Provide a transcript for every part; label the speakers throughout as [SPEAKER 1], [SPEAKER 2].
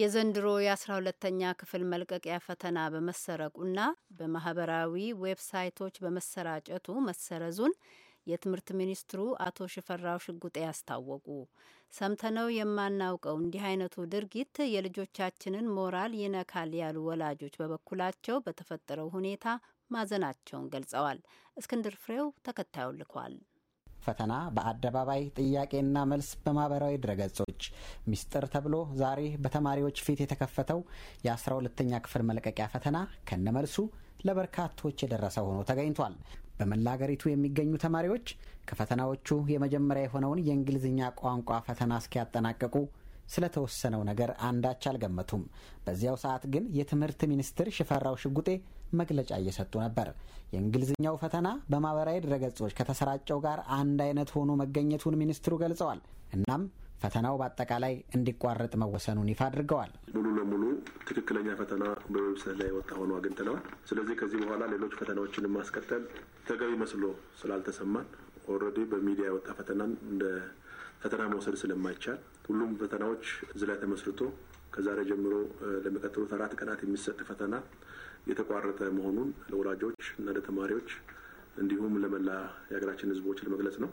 [SPEAKER 1] የዘንድሮ የ12ተኛ ክፍል መልቀቂያ ፈተና በመሰረቁና በማህበራዊ ዌብሳይቶች በመሰራጨቱ መሰረዙን የትምህርት ሚኒስትሩ አቶ ሽፈራው ሽጉጤ አስታወቁ። ሰምተነው የማናውቀው እንዲህ አይነቱ ድርጊት የልጆቻችንን ሞራል ይነካል ያሉ ወላጆች በበኩላቸው በተፈጠረው ሁኔታ ማዘናቸውን ገልጸዋል። እስክንድር ፍሬው ተከታዩን ልኳል። ፈተና በአደባባይ ጥያቄና መልስ በማህበራዊ ድረገጾች ሚስጥር ተብሎ ዛሬ በተማሪዎች ፊት የተከፈተው የአስራ ሁለተኛ ክፍል መለቀቂያ ፈተና ከነመልሱ ለበርካቶች የደረሰ ሆኖ ተገኝቷል። በመላ አገሪቱ የሚገኙ ተማሪዎች ከፈተናዎቹ የመጀመሪያ የሆነውን የእንግሊዝኛ ቋንቋ ፈተና እስኪያጠናቀቁ ስለተወሰነው ነገር አንዳች አልገመቱም። በዚያው ሰዓት ግን የትምህርት ሚኒስትር ሽፈራው ሽጉጤ መግለጫ እየሰጡ ነበር። የእንግሊዝኛው ፈተና በማህበራዊ ድረገጾች ከተሰራጨው ጋር አንድ አይነት ሆኖ መገኘቱን ሚኒስትሩ ገልጸዋል። እናም ፈተናው በአጠቃላይ እንዲቋረጥ መወሰኑን ይፋ አድርገዋል።
[SPEAKER 2] ሙሉ ለሙሉ ትክክለኛ ፈተና በዌብሳይት ላይ የወጣ ሆኖ አግኝተነዋል። ስለዚህ ከዚህ በኋላ ሌሎች ፈተናዎችን ማስቀጠል ተገቢ መስሎ ስላልተሰማን ኦልሬዲ በሚዲያ የወጣ ፈተናን እንደ ፈተና መውሰድ ስለማይቻል ሁሉም ፈተናዎች እዚ ላይ ተመስርቶ ከዛሬ ጀምሮ ለሚቀጥሉት አራት ቀናት የሚሰጥ ፈተና የተቋረጠ መሆኑን ለወላጆች እና ለተማሪዎች እንዲሁም ለመላ የሀገራችን ህዝቦች ለመግለጽ ነው።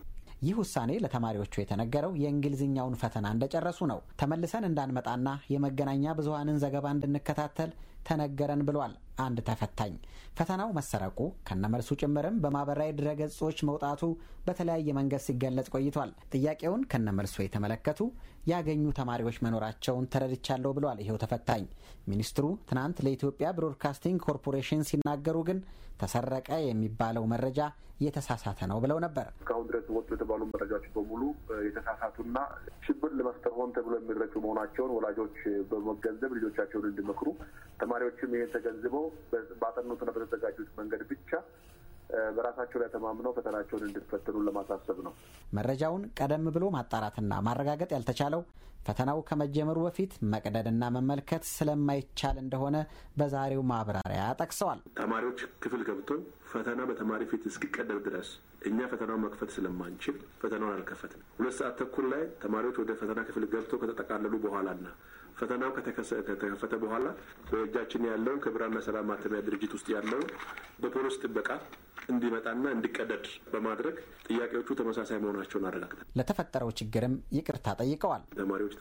[SPEAKER 1] ይህ ውሳኔ ለተማሪዎቹ የተነገረው የእንግሊዝኛውን ፈተና እንደጨረሱ ነው። ተመልሰን እንዳንመጣና የመገናኛ ብዙሀንን ዘገባ እንድንከታተል ተነገረን ብሏል አንድ ተፈታኝ። ፈተናው መሰረቁ ከነመልሱ ጭምርም በማህበራዊ ድረገጾች መውጣቱ በተለያየ መንገድ ሲገለጽ ቆይቷል። ጥያቄውን ከነመልሱ የተመለከቱ ያገኙ ተማሪዎች መኖራቸውን ተረድቻለሁ ብሏል ይኸው ተፈታኝ። ሚኒስትሩ ትናንት ለኢትዮጵያ ብሮድካስቲንግ ኮርፖሬሽን ሲናገሩ ግን ተሰረቀ የሚባለው መረጃ የተሳሳተ ነው ብለው ነበር።
[SPEAKER 2] እስካሁን ድረስ ወጡ የተባሉ መረጃዎች በሙሉ የተሳሳቱና ሽብር ለመፍጠር ሆን ተብሎ የሚረጩ መሆናቸውን ወላጆች በመገንዘብ ልጆቻቸውን እንዲመክሩ ተማሪዎችም ይህን ተገንዝበው ባጠኑትና በተዘጋጁት መንገድ ብቻ በራሳቸው ላይ ተማምነው ፈተናቸውን እንድትፈትኑ ለማሳሰብ ነው።
[SPEAKER 1] መረጃውን ቀደም ብሎ ማጣራትና ማረጋገጥ ያልተቻለው ፈተናው ከመጀመሩ በፊት መቅደድና መመልከት ስለማይቻል እንደሆነ በዛሬው ማብራሪያ ጠቅሰዋል።
[SPEAKER 2] ተማሪዎች ክፍል ገብቶ ፈተና በተማሪ ፊት እስኪቀደር ድረስ እኛ ፈተናውን መክፈት ስለማንችል ፈተናውን አልከፈትም። ሁለት ሰዓት ተኩል ላይ ተማሪዎች ወደ ፈተና ክፍል ገብቶ ከተጠቃለሉ በኋላና ፈተናው ከተከፈተ በኋላ በእጃችን ያለውን ከብራና ሰላም ማተሚያ ድርጅት ውስጥ ያለውን በፖሊስ ጥበቃ እንዲመጣና እንዲቀደድ በማድረግ ጥያቄዎቹ ተመሳሳይ መሆናቸውን አረጋግጠል።
[SPEAKER 1] ለተፈጠረው ችግርም ይቅርታ ጠይቀዋል።
[SPEAKER 2] ተማሪዎች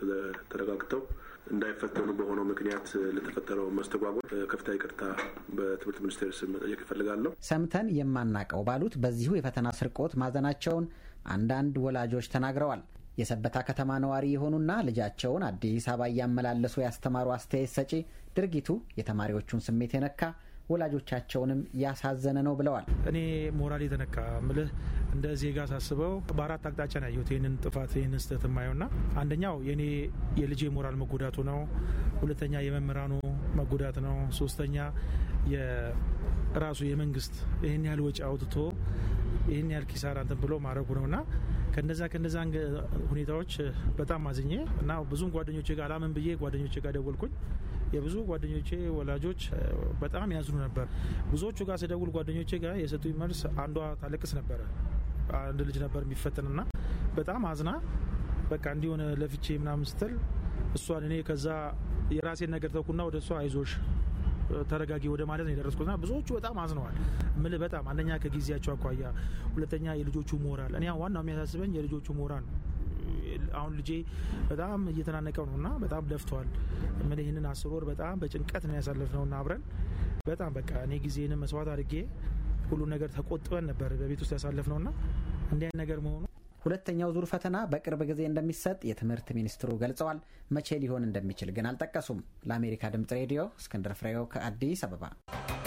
[SPEAKER 2] ተረጋግተው እንዳይፈተኑ በሆነው ምክንያት ለተፈጠረው መስተጓጎል ከፍታ ይቅርታ በትምህርት ሚኒስቴር ስም መጠየቅ ይፈልጋለሁ።
[SPEAKER 1] ሰምተን የማናቀው ባሉት በዚሁ የፈተና ስርቆት ማዘናቸውን አንዳንድ ወላጆች ተናግረዋል። የሰበታ ከተማ ነዋሪ የሆኑና ልጃቸውን አዲስ አበባ እያመላለሱ ያስተማሩ አስተያየት ሰጪ ድርጊቱ የተማሪዎቹን ስሜት የነካ ወላጆቻቸውንም ያሳዘነ ነው ብለዋል።
[SPEAKER 3] እኔ ሞራል የተነካ ምልህ እንደ ዜጋ ሳስበው በአራት አቅጣጫ ነው ያየሁት ይህንን ጥፋት ይህንን ስህተት የማየው ና አንደኛው የኔ የልጅ ሞራል መጎዳቱ ነው። ሁለተኛ የመምህራኑ መጎዳት ነው። ሶስተኛ የራሱ የመንግስት ይህን ያህል ወጪ አውጥቶ ይህን ያህል ኪሳራ እንትን ብሎ ማድረጉ ነው እና ከነዛ ከነዛ ሁኔታዎች በጣም አዝኜ እና ብዙም ጓደኞች ጋር አላምን ብዬ ጓደኞች ጋር ደወልኩኝ። የብዙ ጓደኞቼ ወላጆች በጣም ያዝኑ ነበር። ብዙዎቹ ጋር ስደውል ጓደኞቼ ጋር የሰጡኝ መልስ አንዷ ታለቅስ ነበረ። አንድ ልጅ ነበር የሚፈተንና በጣም አዝና በቃ እንዲሆነ ለፍቼ ምናምን ስትል እሷን እኔ ከዛ የራሴን ነገር ተኩና ወደ እሷ አይዞሽ ተረጋጊ ወደ ማለት ነው የደረስኩትና ብዙዎቹ በጣም አዝነዋል። ምል በጣም አንደኛ ከጊዜያቸው አኳያ፣ ሁለተኛ የልጆቹ ሞራል። እኔ ዋናው የሚያሳስበኝ የልጆቹ ሞራል ነው። አሁን ልጄ በጣም እየተናነቀው ነው እና በጣም ለፍቷል። ምን ይህንን አስር ወር በጣም በጭንቀት ነው ያሳለፍነው እና አብረን በጣም በቃ እኔ ጊዜንም መስዋዕት አድርጌ ሁሉ ነገር ተቆጥበን ነበር በቤት ውስጥ ያሳለፍነው እና እንዲህ ነገር መሆኑ
[SPEAKER 1] ሁለተኛው ዙር ፈተና በቅርብ ጊዜ እንደሚሰጥ የትምህርት ሚኒስትሩ ገልጸዋል። መቼ ሊሆን እንደሚችል ግን አልጠቀሱም። ለአሜሪካ ድምጽ ሬዲዮ እስክንድር ፍሬው ከአዲስ
[SPEAKER 2] አበባ